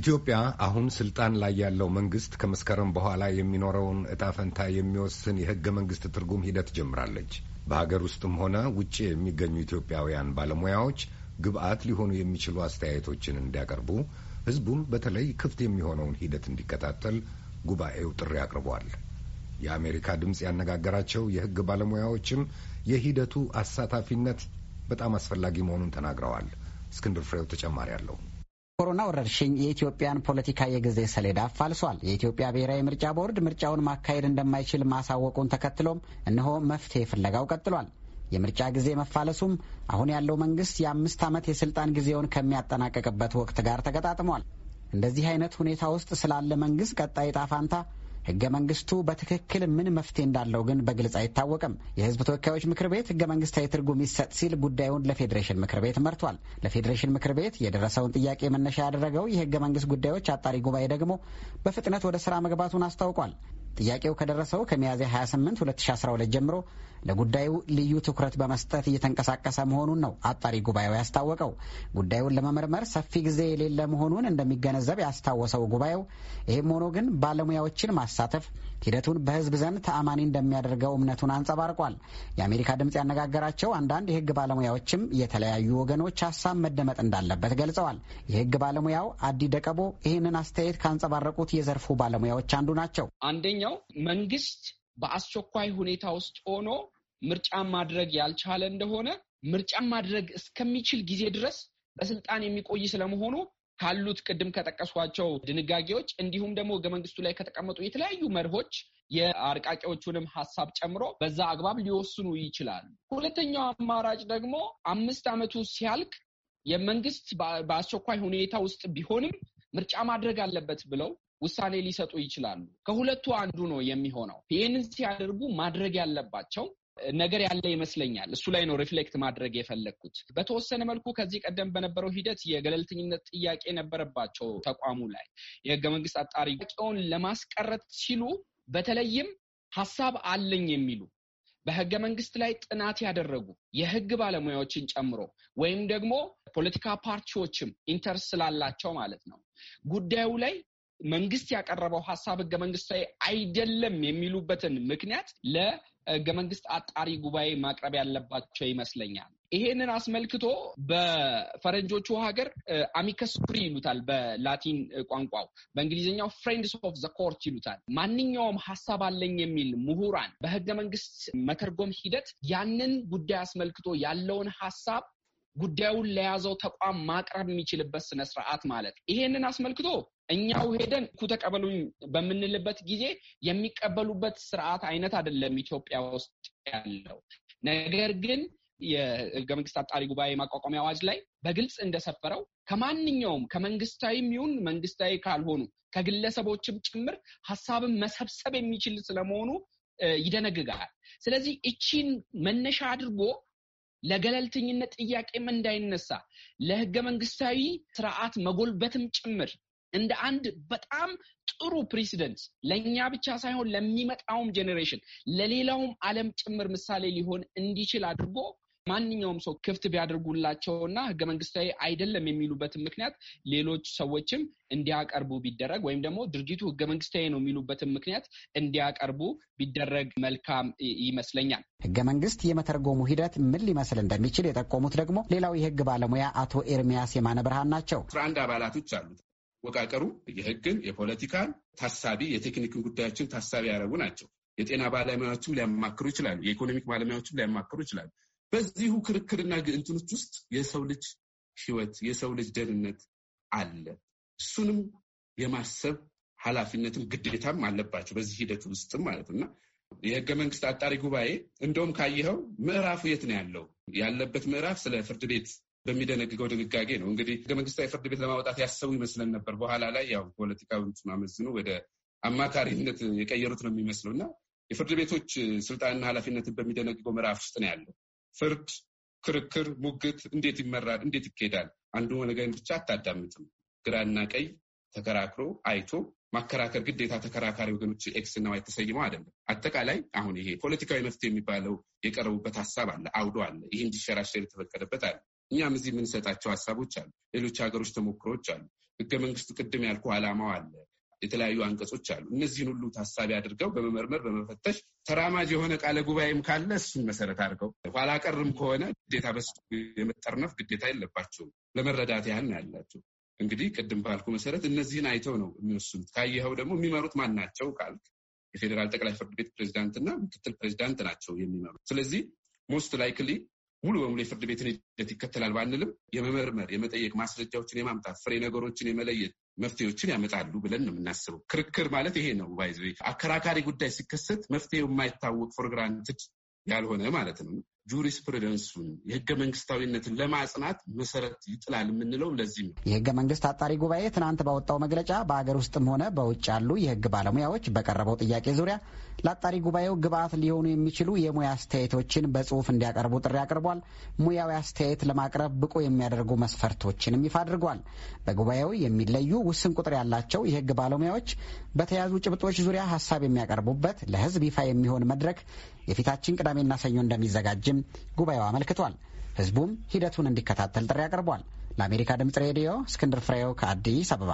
ኢትዮጵያ አሁን ስልጣን ላይ ያለው መንግስት ከመስከረም በኋላ የሚኖረውን እጣ ፈንታ የሚወስን የህገ መንግስት ትርጉም ሂደት ጀምራለች። በሀገር ውስጥም ሆነ ውጭ የሚገኙ ኢትዮጵያውያን ባለሙያዎች ግብአት ሊሆኑ የሚችሉ አስተያየቶችን እንዲያቀርቡ፣ ህዝቡም በተለይ ክፍት የሚሆነውን ሂደት እንዲከታተል ጉባኤው ጥሪ አቅርቧል። የአሜሪካ ድምፅ ያነጋገራቸው የህግ ባለሙያዎችም የሂደቱ አሳታፊነት በጣም አስፈላጊ መሆኑን ተናግረዋል። እስክንድር ፍሬው ተጨማሪ አለው። ኮሮና ወረርሽኝ የኢትዮጵያን ፖለቲካ የጊዜ ሰሌዳ አፋልሷል። የኢትዮጵያ ብሔራዊ ምርጫ ቦርድ ምርጫውን ማካሄድ እንደማይችል ማሳወቁን ተከትሎም እነሆ መፍትሄ ፍለጋው ቀጥሏል። የምርጫ ጊዜ መፋለሱም አሁን ያለው መንግስት የአምስት ዓመት የስልጣን ጊዜውን ከሚያጠናቀቅበት ወቅት ጋር ተገጣጥሟል። እንደዚህ አይነት ሁኔታ ውስጥ ስላለ መንግስት ቀጣይ ጣፋንታ። ህገ መንግስቱ በትክክል ምን መፍትሄ እንዳለው ግን በግልጽ አይታወቅም። የህዝብ ተወካዮች ምክር ቤት ህገ መንግስታዊ ትርጉም ይሰጥ ሲል ጉዳዩን ለፌዴሬሽን ምክር ቤት መርቷል። ለፌዴሬሽን ምክር ቤት የደረሰውን ጥያቄ መነሻ ያደረገው የህገ መንግስት ጉዳዮች አጣሪ ጉባኤ ደግሞ በፍጥነት ወደ ስራ መግባቱን አስታውቋል። ጥያቄው ከደረሰው ከሚያዝያ 28 2012 ጀምሮ ለጉዳዩ ልዩ ትኩረት በመስጠት እየተንቀሳቀሰ መሆኑን ነው አጣሪ ጉባኤው ያስታወቀው። ጉዳዩን ለመመርመር ሰፊ ጊዜ የሌለ መሆኑን እንደሚገነዘብ ያስታወሰው ጉባኤው ይህም ሆኖ ግን ባለሙያዎችን ማሳተፍ ሂደቱን በህዝብ ዘንድ ተአማኒ እንደሚያደርገው እምነቱን አንጸባርቋል። የአሜሪካ ድምፅ ያነጋገራቸው አንዳንድ የህግ ባለሙያዎችም የተለያዩ ወገኖች ሀሳብ መደመጥ እንዳለበት ገልጸዋል። የህግ ባለሙያው አዲ ደቀቦ ይህንን አስተያየት ካንጸባረቁት የዘርፉ ባለሙያዎች አንዱ ናቸው። አንደኛው መንግስት በአስቸኳይ ሁኔታ ውስጥ ሆኖ ምርጫ ማድረግ ያልቻለ እንደሆነ ምርጫ ማድረግ እስከሚችል ጊዜ ድረስ በስልጣን የሚቆይ ስለመሆኑ ካሉት ቅድም ከጠቀስኳቸው ድንጋጌዎች እንዲሁም ደግሞ ህገ መንግስቱ ላይ ከተቀመጡ የተለያዩ መርሆች የአርቃቂዎቹንም ሀሳብ ጨምሮ በዛ አግባብ ሊወስኑ ይችላሉ። ሁለተኛው አማራጭ ደግሞ አምስት ዓመቱ ሲያልቅ የመንግስት በአስቸኳይ ሁኔታ ውስጥ ቢሆንም ምርጫ ማድረግ አለበት ብለው ውሳኔ ሊሰጡ ይችላሉ። ከሁለቱ አንዱ ነው የሚሆነው። ይህንን ሲያደርጉ ማድረግ ያለባቸው ነገር ያለ ይመስለኛል። እሱ ላይ ነው ሪፍሌክት ማድረግ የፈለግኩት። በተወሰነ መልኩ ከዚህ ቀደም በነበረው ሂደት የገለልተኝነት ጥያቄ ነበረባቸው ተቋሙ ላይ የህገ መንግስት አጣሪ ቂውን ለማስቀረት ሲሉ በተለይም ሀሳብ አለኝ የሚሉ በህገ መንግስት ላይ ጥናት ያደረጉ የህግ ባለሙያዎችን ጨምሮ ወይም ደግሞ ፖለቲካ ፓርቲዎችም ኢንተርስ ስላላቸው ማለት ነው ጉዳዩ ላይ መንግስት ያቀረበው ሀሳብ ህገ መንግስታዊ አይደለም የሚሉበትን ምክንያት ህገ መንግስት አጣሪ ጉባኤ ማቅረብ ያለባቸው ይመስለኛል። ይሄንን አስመልክቶ በፈረንጆቹ ሀገር አሚከስ ኩሪ ይሉታል፣ በላቲን ቋንቋው በእንግሊዝኛው ፍሬንድስ ኦፍ ዘ ኮርት ይሉታል። ማንኛውም ሀሳብ አለኝ የሚል ምሁራን በህገ መንግስት መተርጎም ሂደት ያንን ጉዳይ አስመልክቶ ያለውን ሀሳብ ጉዳዩን ለያዘው ተቋም ማቅረብ የሚችልበት ስነስርዓት ማለት ይሄንን አስመልክቶ እኛው ሄደን እኩ ተቀበሉኝ በምንልበት ጊዜ የሚቀበሉበት ስርዓት አይነት አይደለም ኢትዮጵያ ውስጥ ያለው። ነገር ግን የህገ መንግስት አጣሪ ጉባኤ ማቋቋሚያ አዋጅ ላይ በግልጽ እንደሰፈረው ከማንኛውም ከመንግስታዊም ይሁን መንግስታዊ ካልሆኑ ከግለሰቦችም ጭምር ሀሳብን መሰብሰብ የሚችል ስለመሆኑ ይደነግጋል። ስለዚህ እቺን መነሻ አድርጎ ለገለልተኝነት ጥያቄም እንዳይነሳ ለህገ መንግስታዊ ስርዓት መጎልበትም ጭምር እንደ አንድ በጣም ጥሩ ፕሬሲደንት ለእኛ ብቻ ሳይሆን ለሚመጣውም ጄኔሬሽን ለሌላውም ዓለም ጭምር ምሳሌ ሊሆን እንዲችል አድርጎ ማንኛውም ሰው ክፍት ቢያደርጉላቸውና ህገ መንግስታዊ አይደለም የሚሉበትን ምክንያት ሌሎች ሰዎችም እንዲያቀርቡ ቢደረግ ወይም ደግሞ ድርጅቱ ህገ መንግስታዊ ነው የሚሉበትን ምክንያት እንዲያቀርቡ ቢደረግ መልካም ይመስለኛል። ህገ መንግስት የመተርጎሙ ሂደት ምን ሊመስል እንደሚችል የጠቆሙት ደግሞ ሌላው የህግ ባለሙያ አቶ ኤርሚያስ የማነ ብርሃን ናቸው። አስራ አንድ አባላቶች አሉት። አወቃቀሩ የህግን፣ የፖለቲካን ታሳቢ የቴክኒክን ጉዳዮችን ታሳቢ ያደረጉ ናቸው። የጤና ባለሙያዎችም ሊያማክሩ ይችላሉ። የኢኮኖሚክ ባለሙያዎችም ሊያማክሩ ይችላሉ። በዚሁ ክርክርና ግእንትኖች ውስጥ የሰው ልጅ ህይወት፣ የሰው ልጅ ደህንነት አለ። እሱንም የማሰብ ኃላፊነትም ግዴታም አለባቸው በዚህ ሂደት ውስጥም ማለት ነው። የህገ መንግስት አጣሪ ጉባኤ እንደውም ካየኸው ምዕራፉ የት ነው ያለው? ያለበት ምዕራፍ ስለ ፍርድ ቤት በሚደነግገው ድንጋጌ ነው። እንግዲህ ህገ መንግስታዊ ፍርድ ቤት ለማውጣት ያሰቡ ይመስለን ነበር። በኋላ ላይ ያው ፖለቲካዊነቱን አመዝኑ ወደ አማካሪነት የቀየሩት ነው የሚመስለው እና የፍርድ ቤቶች ስልጣንና ኃላፊነትን በሚደነግገው ምዕራፍ ውስጥ ነው ያለው። ፍርድ፣ ክርክር፣ ሙግት እንዴት ይመራል? እንዴት ይካሄዳል? አንዱ ወገን ብቻ አታዳምጥም። ግራና ቀይ ተከራክሮ አይቶ ማከራከር ግዴታ ተከራካሪ ወገኖች ኤክስ እና ዋይ ተሰይመው አይደለም። አጠቃላይ አሁን ይሄ ፖለቲካዊ መፍትሄ የሚባለው የቀረቡበት ሀሳብ አለ፣ አውዶ አለ፣ ይህ እንዲሸራሸር የተፈቀደበት አለ። እኛም እዚህ የምንሰጣቸው ሀሳቦች አሉ፣ ሌሎች ሀገሮች ተሞክሮዎች አሉ። ህገ መንግስቱ ቅድም ያልኩ አላማው አለ የተለያዩ አንቀጾች አሉ። እነዚህን ሁሉ ታሳቢ አድርገው በመመርመር በመፈተሽ ተራማጅ የሆነ ቃለ ጉባኤም ካለ እሱን መሰረት አድርገው ኋላ ቀርም ከሆነ ግዴታ በሱ የመጠርነፍ ግዴታ የለባቸውም። ለመረዳት ያህል ነው ያላቸው። እንግዲህ ቅድም ባልኩ መሰረት እነዚህን አይተው ነው የሚወስኑት። ካየኸው ደግሞ የሚመሩት ማን ናቸው ካልክ የፌዴራል ጠቅላይ ፍርድ ቤት ፕሬዚዳንትና ምክትል ፕሬዚዳንት ናቸው የሚመሩት። ስለዚህ ሞስት ላይክሊ ሙሉ በሙሉ የፍርድ ቤትን ሂደት ይከተላል ባንልም የመመርመር የመጠየቅ ማስረጃዎችን የማምጣት ፍሬ ነገሮችን የመለየት መፍትሄዎችን ያመጣሉ ብለን ነው የምናስበው። ክርክር ማለት ይሄ ነው። ባይዘ አከራካሪ ጉዳይ ሲከሰት መፍትሄው የማይታወቅ ፕሮግራም ያልሆነ ማለት ነው። ጁሪስፕሩደንሱን የህገ መንግስታዊነትን ለማጽናት መሰረት ይጥላል የምንለው ለዚህ ነው። የህገ መንግስት አጣሪ ጉባኤ ትናንት ባወጣው መግለጫ በአገር ውስጥም ሆነ በውጭ ያሉ የህግ ባለሙያዎች በቀረበው ጥያቄ ዙሪያ ለአጣሪ ጉባኤው ግብዓት ሊሆኑ የሚችሉ የሙያ አስተያየቶችን በጽሁፍ እንዲያቀርቡ ጥሪ አቅርቧል። ሙያዊ አስተያየት ለማቅረብ ብቁ የሚያደርጉ መስፈርቶችንም ይፋ አድርጓል። በጉባኤው የሚለዩ ውስን ቁጥር ያላቸው የህግ ባለሙያዎች በተያዙ ጭብጦች ዙሪያ ሀሳብ የሚያቀርቡበት ለህዝብ ይፋ የሚሆን መድረክ የፊታችን ቅዳሜና ሰኞ እንደሚዘጋጅም እንደሚችልም ጉባኤው አመልክቷል። ህዝቡም ሂደቱን እንዲከታተል ጥሪ አቅርቧል። ለአሜሪካ ድምጽ ሬዲዮ እስክንድር ፍሬው ከአዲስ አበባ